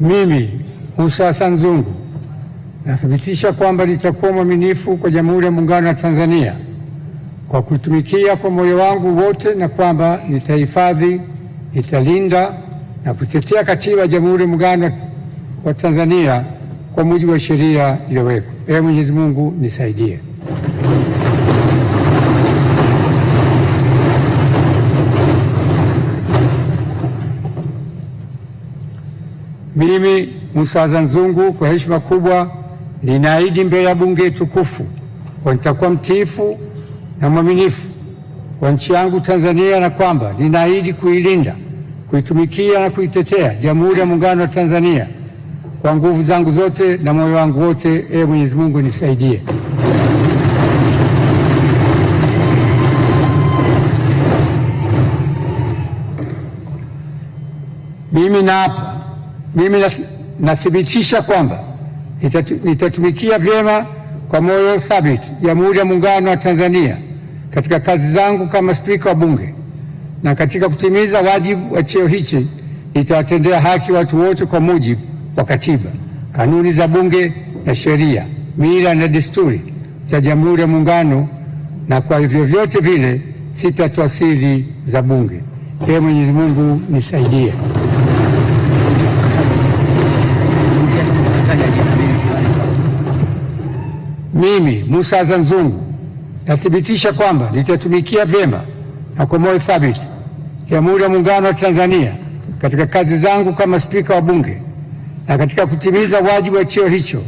Mimi Mussa Hassan Zungu nathibitisha kwamba nitakuwa mwaminifu kwa Jamhuri ya Muungano wa Tanzania kwa kuitumikia kwa moyo wangu wote, na kwamba nitahifadhi, nitalinda na kutetea Katiba ya Jamhuri ya Muungano wa Tanzania kwa mujibu wa sheria iliyowekwa. Ee Mwenyezi Mungu nisaidie. Mimi Musaza Nzungu kwa heshima kubwa ninaahidi mbele ya bunge tukufu kwa nitakuwa mtiifu na mwaminifu kwa nchi yangu Tanzania na kwamba ninaahidi kuilinda, kuitumikia na kuitetea Jamhuri ya Muungano wa Tanzania kwa nguvu zangu zote na moyo wangu wote. Ee Mwenyezi Mungu nisaidie. Mimi naapa mimi nathibitisha kwamba nitatumikia vyema kwa moyo thabiti Jamhuri ya Muungano wa Tanzania katika kazi zangu kama Spika wa Bunge, na katika kutimiza wajibu wa cheo hichi nitawatendea haki watu wote kwa mujibu wa Katiba, kanuni za Bunge na sheria, mila na desturi za Jamhuri ya Muungano, na kwa vyovyote vile sitatoa siri za Bunge. Ee Mwenyezi Mungu nisaidie. Taja jina mimi Musa Azan Zungu nathibitisha kwamba nitatumikia vyema na kwa moyo thabiti Jamhuri ya Muungano wa Tanzania katika kazi zangu kama Spika wa Bunge, na katika kutimiza wajibu wa cheo hicho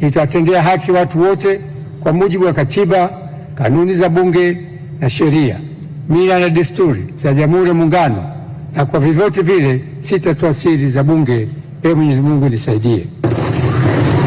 nitawatendea haki watu wote kwa mujibu wa Katiba, kanuni za Bunge na sheria, mila na desturi za Jamhuri ya Muungano, na kwa vyovyote vile sitatoa siri za Bunge. Ee Mwenyezi Mungu nisaidie. Thank you.